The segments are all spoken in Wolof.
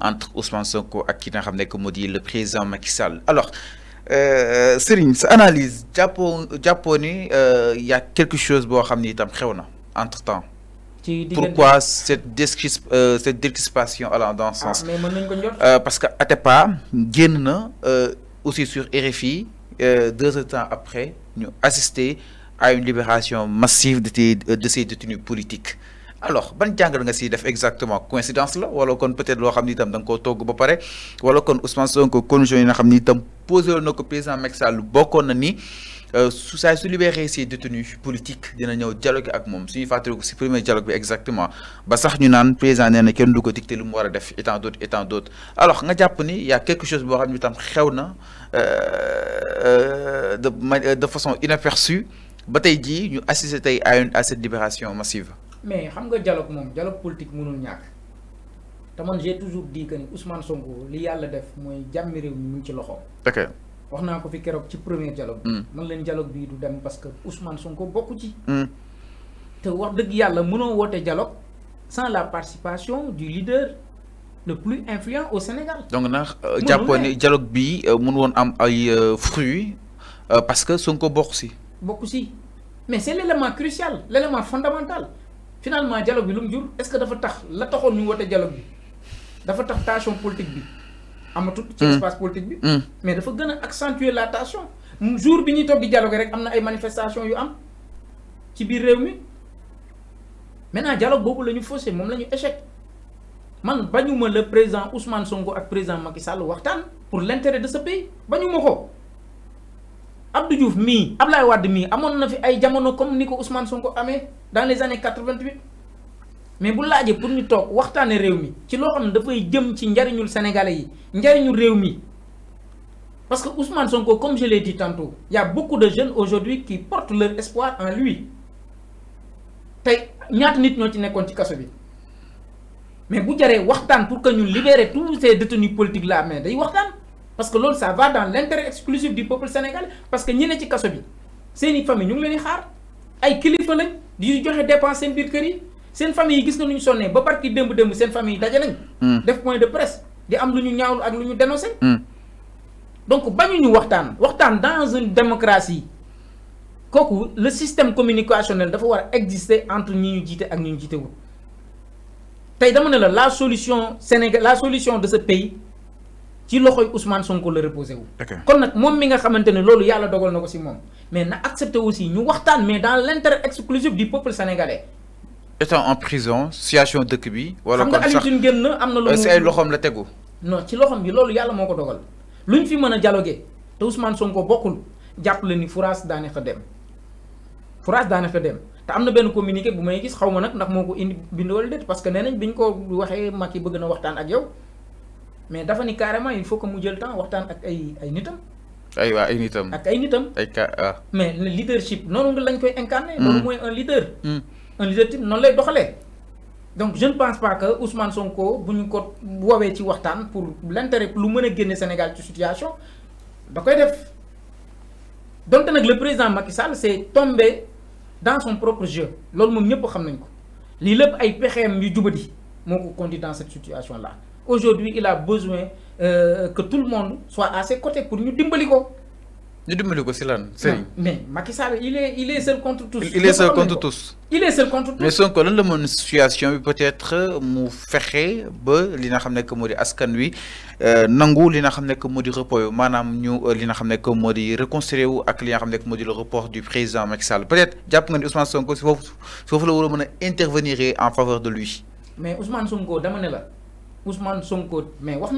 entre Ousmane Sonko et ki nga le président Macky Sall alors euh, Serigne analyse japon il il y a quelque chose qui ramener été fait entre temps. pourquoi cette décrisp euh, décrispation allant dans ce ah, sens. Euh, parce que Atepa génn aussi sur RFI deux temps après ñu à une libération massive de ces détenus politiques alors ban jangal nga siy def exactement coïncidence la wala kon peut-être lo xamni tam dang ko togg ba paré wala kon Ousmane Sonko condition yi nga xamni tam poser posé na ko président Macky Sall na ni euh saa su libéré ses détenus politiques dina ñeu dialogue ak moom suñuy fàttaliku ci premier dialogue bi exactement ba sax ñu naan président nee na kenn du ko dicté lu mu def et tant d'autres et tant d'autres alors nga japp ni y a quelque chose bo xamni tam xewna euh, euh, de euh, de façon inaperçue ba tey ñu assisté tay à une à cette libération massive. mais xam nga dialogue moom dialogue politique mënul ñàkk te man j'ai toujours dit que ni Ousmane Sonko li yàlla def mooy jàmmi réew mi mu ci loxo ok wax naa ko fi keroog ci premier dialogue. Mm. man leen dialogue bii du dem parce que Ousmane Sonko bokku ci. Mm. te wax dëgg yàlla mënoo woote dialogue sans la participation du leader le plus influent au Sénégal. donc ndax euh, jàppoon ne dialogue bii euh, mun woon am ay euh, fruits parce que Sonko bokk si. bokk si mais c'est l'élément crucial l'élément fondamental. finalement dialogue bi lu mu jur est-ce que dafa tax la taxoon ñu wote dialogue bi dafa tax tension politique bi amatul ci hmm. espace politique bi hmm. mais dafa gën a accentuer la tension jour bi ñuy toog di dialogue rek am na ay manifestation yu am ci biir réew mi maintenant dialogue boobu la ñu faussé moom la ñu échec man bañuma le président Ousmane Sonko ak président Macky Sall waxtaan pour l'intérêt de sa pays bañuma ko Abdou Diouf mi Abdoulaye Wade mi amone na fi ay jamono comme niko Ousmane Sonko amé dans les années 88 mais bu laajee pour ñu tok waxtane réew mi ci lo xamne da fay jëm ci njariñul sénégalais yi njariñu réew mi parce que Ousmane Sonko comme je l'ai dit tantôt il y a beaucoup de jeunes aujourd'hui qui portent leur espoir en lui tay ñaat nit ñoo ci nekkoon ci kasso bi mais bu jaré waxtane pour que ñu libérer tous ces détenus politiques là mais day waxtane parce que loolu ça va dans l'intérêt exclusif du peuple sénégalais parce que ñi ne ci kaso bi seeni famille ñu ngi leen di xaar ay kilifa lañ di joxe dépense seen biir kër seen famille yi gis nga nu ñu sonnee ba parti démb démb seen famille yi daje nañ. Hmm. def point de presse di am lu ñu ñaawlu ak lu ñu dénoncé. Hmm. donc bañuñu waxtaan waxtaan dans une démocratie kooku le système communicationnel dafa war exister entre ñi ñu jiite ak ñi ñu jiitewul tey dama ne la la solution Sénégal la solution de ce pays. ci loxo loxoy Ousmane Sonko la reposé wu. kon nag moom mi nga xamante ne loolu yàlla dogal na ko si moom mais na accepté aussi ñu waxtaan mais daa l' intérêt exclusif du peuple sénégalais. étant en prison situation dëkk bi. wala comme sax xam nga Alioune génn am na. loolu si ay loxoom la tegu. non ci loxoom bi loolu yàlla moo ko dogal ñu fi mën a dialogué te Ousmane Sonko bokkul jàpp leen ni Fouras daane fa dem Fouras daane fa dem. te am na benn communiqué bu may gis xaw ma nag ndax moo ko indi bind wala déet parce que nee bi ko waxee Macky bëgg na waxtaan ak yow. mais dafa ni carrément il faut que mu jël temps waxtaan ak ay ay nitam. ay waa ay nitam ak ay nitam. Ah. mais le leadership noonu lañ koy incarner. Mm. loolu mooy un leader. Mm. un leader type noonu lay doxalee. donc je ne pense pas que Ousmane Sonko bu ñu ko woowee ci waxtaan pour l'intérêt lu mën a génne Sénégal ci situation da koy def donte nag le président Macky Sall c'est tombé dans son propre jeu loolu moom ñëpp xam nañ ko lii lépp ay pexeem yu jubadi moo ko conduit dans cette situation là aujourd'hui il a besoin euh, que tout le monde soit à ses côtés pour ñu dimbali ko. ñu dimbali ko si mais Macky Sall il est il est seul contre tous. il est seul contre tous. il est seul contre tous. mais Sonko lan la monde situation peut-être euh, mu fexe ba li nga xam que moo askan wi euh, nangu li nga que moo di report yu maanaam ñu euh, li nga xam que moo reconstruire wu ak li nga que moo le report du président Macky Sall peut-être jàpp nga Ousmane Sonko si foofu la war intervenir en faveur de lui. mais Ousmane Sonko dama ne la. Ousmane Sonko mais wax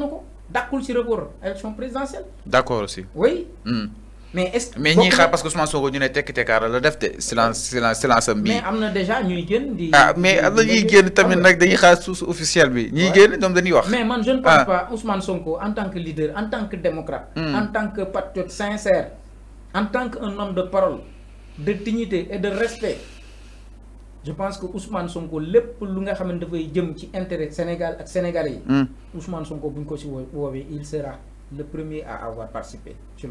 ci présidentielle. aussi. oui. Hmm. mais est ce mais ñi xaar parce que Ousmane Sonko ñu la def silence silence silence mais amna déjà ñuy gën di. ah mais am ñuy tamit nak dañuy xaar sous officiel bi. ñi gën ñom dañuy wax. mais man je ne pense ah. pas Ousmane Sonko en tant que leader en tant que démocrate. Hmm. en tant que patriote sincère en tant qu'un homme de parole de dignité et de respect je pense que Ousmane Sonko lepp lu nga xam da fay jëm ci intérêt Sénégal ak Sénégalais hmm. Ousmane Sonko buñ ko ci il sera le premier à avoir participé ci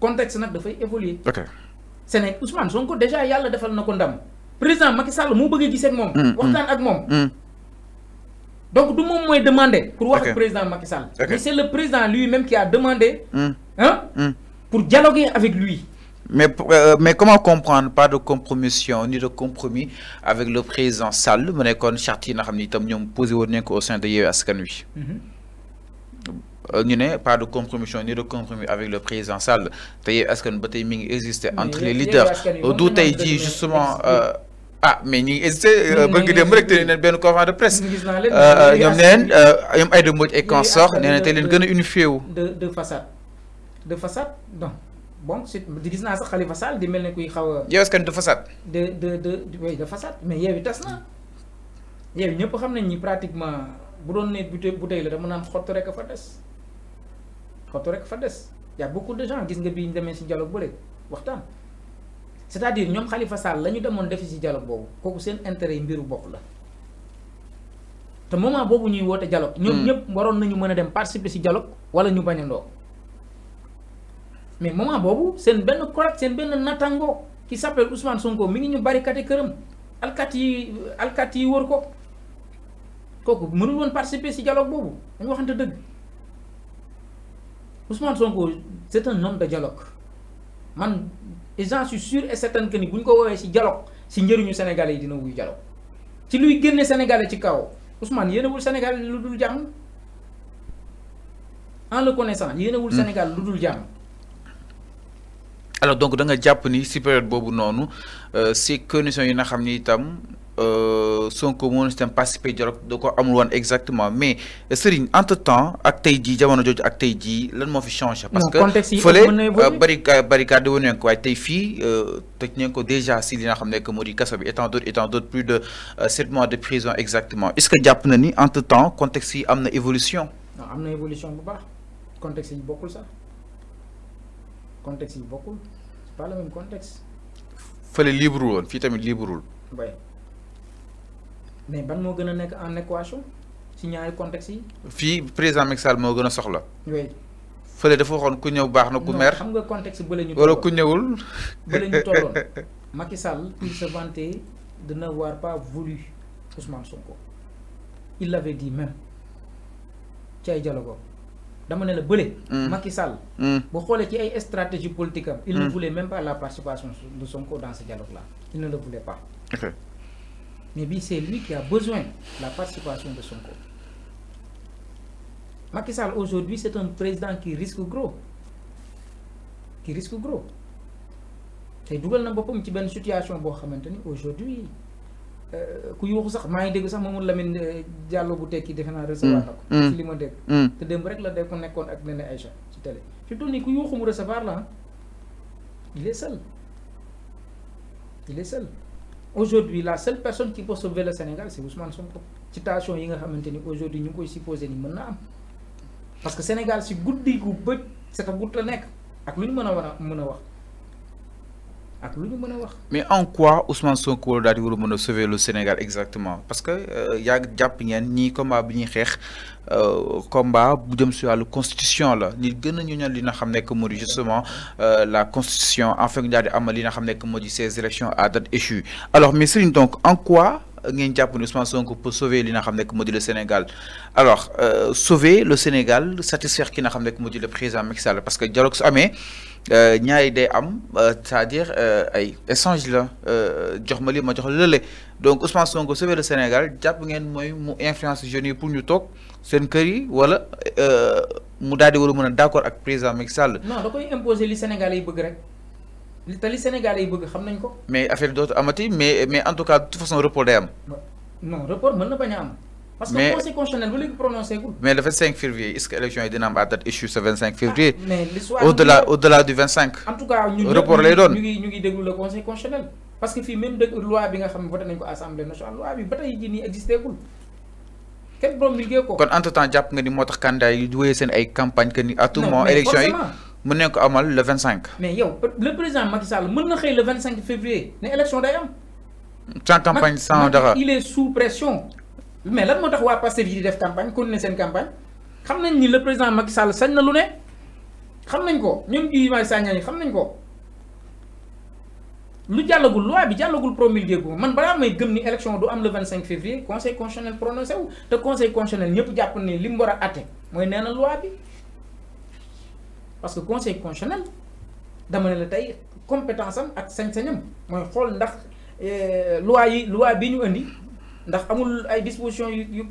contexte da fay évoluer. Sénégal Ousmane Sonko déjà a defal nako ndam président Macky Sall mo bëgg a gisee mom moom. le ak moom. Hmm, hmm. donc du mom moy demandé. pour wax le président Macky Sall. mais c'est le président lui-même qui a demandé. hein pour dialoguer avec lui. Mais, euh, mais comment comprendre pas de compromission ni de compromis avec le président Sall mu nekkoon charte yi nga xam ne itam ko au sein de Yewwi Askan Wi. Mm-hmm. Euh, ñu ne pas de compromission ni de compromis avec le président Sall te Yewwi Askan ba tey mi ngi entre les leaders tu as dit justement. Euh, ah mais ñi ngi hésité ba ngi dem rek te neen de presse ñoom neen ñoom Aïda Mbodj et consort nee na te leen y a unifié wu. de de façade de façade non. bon di gis na sax Khalifa Sall di melni kuy xaw yow est-ce que du façade. de de de way de façade mais Yewwi tas na Yewwi ñëpp xam nañ ni pratiquement bu doon ne bu tey bu tey la dama naan xottu rek fa dess xott rek fa dess ya beaucoup de gens gis nga bi ñu demee ci dialogue bu rek waxtan c'est-à-dire ñom Khalifa Sall lañu ñu def ci dialogue bobu koku seen intérêt mbiru bopp la te moment bobu ñuy woote dialogue. ñom hmm. ñepp waron nañu mëna dem participer ci dialogue wala ñu bañandoo mais moment bobu sen ben collègue sen ben natango qui s'appelle Ousmane Sonko mi ngi ñu barricade këram alkaati alkati alkaati yi wër ko koku mënu won participer ci dialogue bobu ñu waxante deug Ousmane Sonko c'est un homme de dialogue man et j'en suis sûr et certain que ni buñ ko wowe ci dialogue ci njëriñu Sénégalais yi dina wuy dialogue ci luy génne Sénégalais ci kaw Ousmane yéenewul Sénégal lu dul jamm en le connaissant yéne wul hmm. Sénégal lu dul jàmm alors donc da nga jàpp ni si période c'est que nous conditions yi nga xam ni son euh, Sonko moo itam participé dialogue da ko amul won exactement mais Serigne entre temps ak tey jii jamono jooju ak tey jii lan mo fi changé. parce que fële euh, barricade barricade woon nañ ko waaye tey fii euh, tëj ko déjà si li nga xam que modi di kaso bi étant d'autres étant d'autres plus de 7 mois de prison exactement est-ce que japp na ni entre temps contexte yi am évolution. amna évolution bu baax contexte yi bokul ça? contexte yi bokkul c'est pas le même contexte. fële libre woon tamit libre wul. oui mais ban moo gën a nekk en équation ci ñaari contexte yi. fii président Macky Sall moo gën a soxla. oui fële dafa waxoon ku ñëw baax na ku mer. xam nga contexte bële ñu. wala ku ñëwul. bële ñu tolloon Macky Sall il se vantait de n'avoir pas voulu Ousmane Sonko il l'avait dit même ci ay dialogue dama le la mm. Macky Sall. y mm. ci stratégie politique il ne mm. voulait même pas la participation de son corps dans ce dialogue là il ne le voulait pas. mais c'est lui qui a besoin de la participation de son corps Macky Sall aujourd'hui c'est un président qui risque gros qui risque gros c'est une situation qui est aujourd'hui euh, ku yuuxu sax maa ngi dégg sax Mamadou Lamine euh, Diallo bu tekki defe naa recevoir mm. na ko. Mm. ci li ma dégg. Mm. te démb rek la def ko nekkoon ak Nene Aïcha ci télé fi mu toll nii ku yuuxu mu recevoir la il est seul il est seul aujourd'hui la seule personne qui peut sauver le Sénégal c'est Ousmane Sonko citation yi nga xamante ni aujourd'hui ñu ngi koy supposé ni mën na am parce que Sénégal si guddi gu bët c'est à la nekk ak lu ñu mën a a mën a wax mais en quoi Ousmane Sonko daal di war a sauver le Sénégal exactement parce que euh, il jàpp a ni combat bi ñuy xeex euh, combat bu jëm euh, la constitution la ni gën a ñu ñaan li xam justement la constitution en fait daal di amal li nga xam ces élections à date échue alors mais c'est donc en quoi ngeen japp ne Ousmane Sonko pour sauver li nga xam nekk moo le Sénégal alors euh, sauver le Sénégal satisfaire ki nga xam nekk moo le président Macky Sall parce que dialogue su amee euh, ñaari day am euh, c'est-à-dire ay échange la jox ma li ma jox lele donc Ousmane Sonko sauver le Sénégal japp ngeen moy mu influence jeune pour ñu tok sen kër yi wala mu daldi di mëna d'accord ak président Macky Sall. non da koy imposer li Sénégalais yi bëgg rek les Sénégalais yi bëgg xam nañ ko. mais affaire d'autres amati mais mais en tout cas de toute façon report day am. non report mën na bañ am. parce que conseil constitutionnel vous voulez prononcé mais le 25 février est ce que l'élection est dina am à date issue ce 25 février. au delà au delà du 25. en tout cas nous report ñu ñu déglu le conseil constitutionnel. parce que même de loi bi nga xam voté nañ ko nationale loi bi ba tey jii nii existé gul. kenn borom liggéey ko. entre temps jàpp nga ni moo candidat yi campagne à tout moment élection yi amal le 25. mais yow le président Macky Sall mën na le 25 février une élection day am. sans campagne sans dara il est sous pression. mais lan moo tax passer Pastef yi def campagne continuer campagne xam nañ ni le président Macky Sall sañ na lu ne xam nañ ko ñoom Guy Marius Sagna yi xam nañ ko. lu loi bi dialogue promulguer ko man balaa may gëm ni élection du am le 25 février conseil constitutionnel prononcé ou, te conseil constitutionnel ñëpp jàpp ne li mu war a àtte mooy na loi bi parce que conseil constitutionnel dama ne la tey compétence am ak sañ-sañam mooy xool ndax eh, loi yi loi bi ñu indi ndax amul ay dispositions yu yu